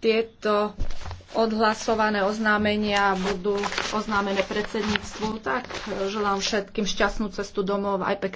tieto odhlasované oznámenia budú oznámené predsedníctvu, tak želám všetkým šťastnú cestu domov aj pekný